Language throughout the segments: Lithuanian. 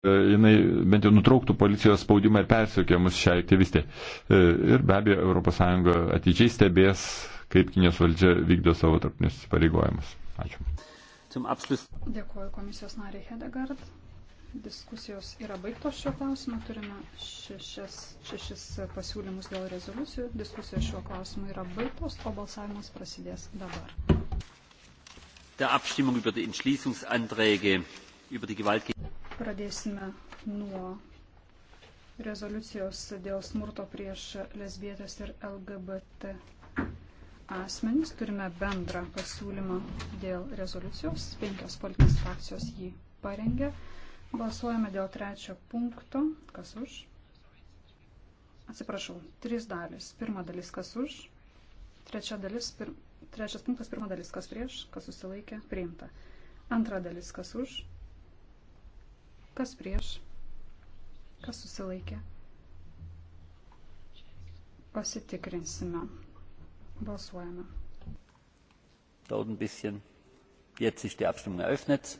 E, jinai bent jau nutrauktų policijos spaudimą ir persiekėmus šią aktyvistę. E, ir be abejo, ES ateičiai stebės, kaip Kinijos valdžia vykdo savo tarpinius pareigojimus. Ačiū. Dėkuoju komisijos nariai Hedegard. Diskusijos yra baigtos šio klausimo. Turime šešias, šešis pasiūlymus dėl rezoliucijų. Diskusijos šio klausimu yra baigtos, o balsavimas prasidės dabar. Der Abstimmung über die Entschließungsanträge über die Gewalt gegen Pradėsime nuo rezoliucijos dėl smurto prieš lesbietės ir LGBT asmenys. Turime bendrą pasiūlymą dėl rezoliucijos. Penkios politinės frakcijos jį parengė. Balsuojame dėl trečio punkto. Kas už? Atsiprašau, trys dalis. Pirma dalis kas už, trečia dalis, pir, trečias punktas, pirma dalis kas prieš, kas susilaikė, priimta. Antra dalis kas už, Kas prieš? Kas susilaikė? Pasitikrinsime. Balsuojame. Dauert ein bisschen. Jetzt ist die Abstimmung eröffnet.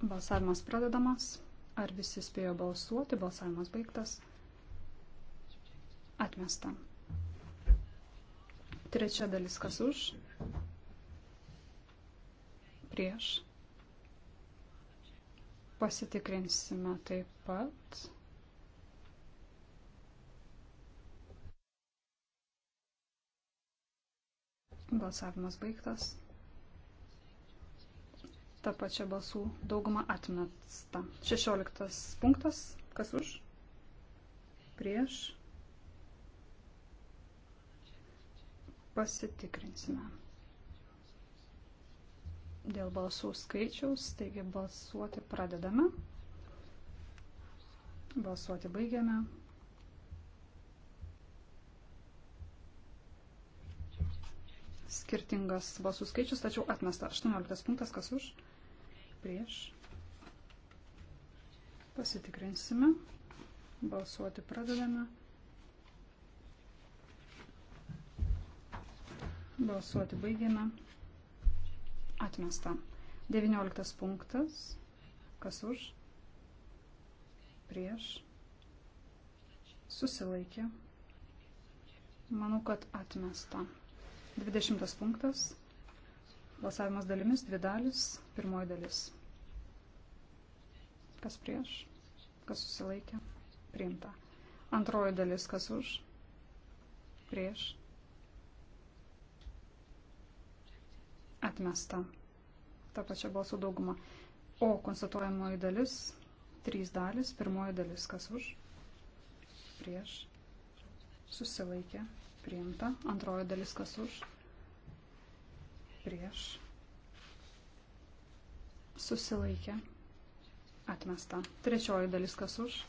Balsavimas pradedamas. Ar visi spėjo balsuoti? Balsavimas baigtas. Atmesta. Trečia dalis kas už? Prieš Pasitikrinsime taip pat. Balsavimas baigtas. Ta pačia balsų dauguma atmesta. 16 punktas. Kas už? Prieš. Pasitikrinsime dėl balsų skaičiaus, taigi balsuoti pradedame. Balsuoti baigiame. Skirtingas balsų skaičius, tačiau atmesta 18 punktas, kas už, prieš. Pasitikrinsime. Balsuoti pradedame. Balsuoti baigiame. Atmesta. 19 punktas. Kas už? Prieš. Susilaikė. Manau, kad atmesta. 20 punktas. Balsavimas dalimis, dvi dalis, pirmoji dalis. Kas prieš? Kas susilaikė? Priimta. Antroji dalis, kas už? Prieš atmesta. Ta pačia balsų dauguma. O konstatuojamoji dalis, trys dalis, pirmoji dalis, kas už, prieš, susilaikė, priimta, antroji dalis, kas už, prieš, susilaikė, atmesta, trečioji dalis, kas už,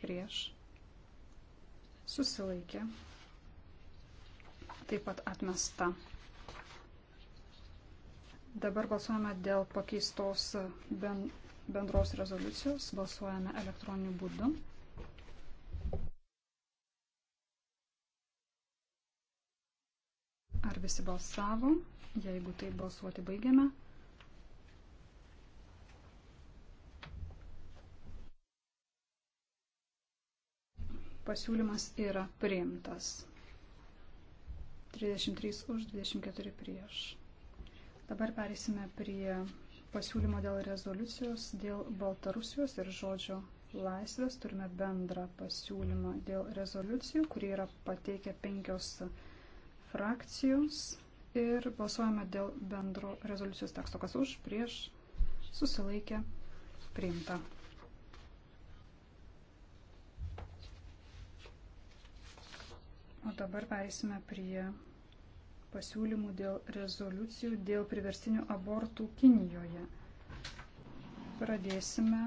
prieš, susilaikė, taip pat atmesta. Dabar balsuojame dėl pakeistos bendros rezoliucijos. Balsuojame elektroniniu būdu. Ar visi balsavo? Jeigu tai balsuoti baigiame. Pasiūlymas yra priimtas. 33 už 24 prieš. Dabar perėsime prie pasiūlymo dėl rezoliucijos dėl Baltarusijos ir žodžio laisvės. Turime bendrą pasiūlymą dėl rezoliucijų, kurį yra pateikę penkios frakcijos. Ir balsuojame dėl bendro rezoliucijos teksto, kas už, prieš, susilaikė, priimta. O dabar perėsime prie pasiūlymų dėl rezoliucijų dėl priverstinių abortų Kinijoje. Pradėsime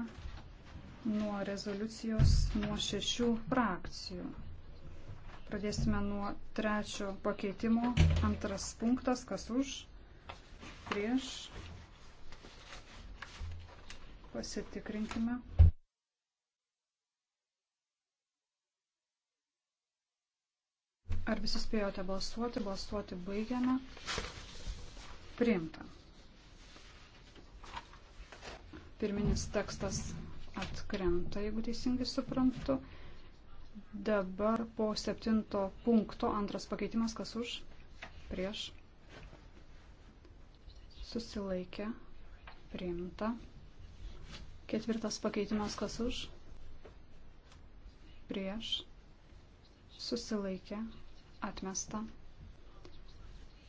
nuo rezoliucijos nuo šešių frakcijų. Pradėsime nuo trečio pakeitimo. Antras punktas, kas už, prieš. Pasitikrinkime. Ar visi spėjote balsuoti? Balsuoti baigiame. Priimta. Pirminis tekstas atkrenta, jeigu teisingai suprantu. Dabar po septinto punkto antras pakeitimas, kas už, prieš, susilaikė, priimta. Ketvirtas pakeitimas, kas už, prieš, susilaikė, priimta Atmesta.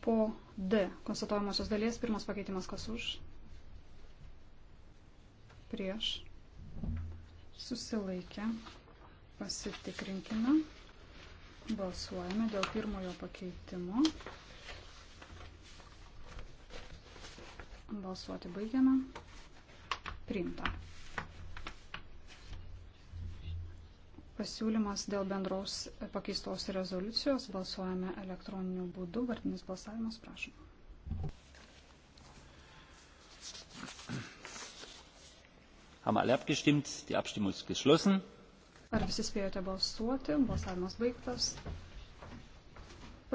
Po D konstatuojamosios dalies pirmas pakeitimas kas už. Prieš. Susilaikę. Pasitikrinkime. Balsuojame dėl pirmojo pakeitimo. Balsuoti baigiame. Priimta. Pasiūlymas dėl bendros pakeistos rezoliucijos balsuojame elektroniniu būdu. Vardinis balsavimas, prašom. Ar visi spėjote balsuoti? Balsavimas baigtas.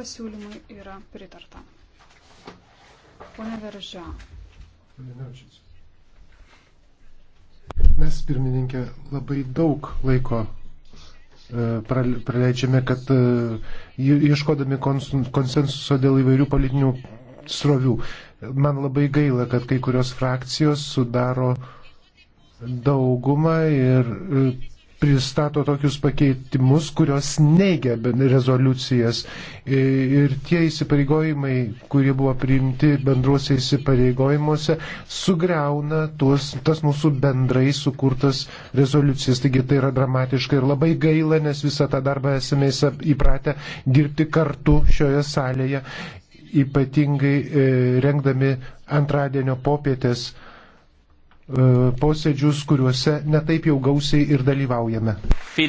Pasiūlymui yra pritarta. Pone Veržia. Mes, pirmininkė, labai daug laiko E, praleidžiame, kad e, ieškodami konsensuso dėl įvairių politinių srovių. Man labai gaila, kad kai kurios frakcijos sudaro daugumą ir e, pristato tokius pakeitimus, kurios neigia rezoliucijas. Ir tie įsipareigojimai, kurie buvo priimti bendruose įsipareigojimuose, sugriauna tuos, tas mūsų bendrai sukurtas rezoliucijas. Taigi tai yra dramatiška ir labai gaila, nes visą tą darbą esame įpratę dirbti kartu šioje salėje, ypatingai e, rengdami antradienio popietės E, posėdžius, kuriuose netaip jau gausiai ir dalyvaujame.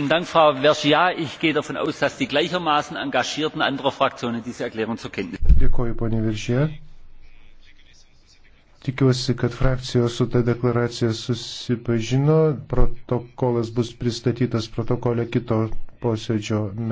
Dank, Frau Vergia. Ich gehe davon aus, dass die gleichermaßen engagierten anderer Fraktionen diese Erklärung zur Kenntnis nehmen. Dėkoju, ponė Viržė. Tikiuosi, kad frakcijos su ta deklaracija susipažino. Protokolas bus pristatytas protokole kito posėdžio metu.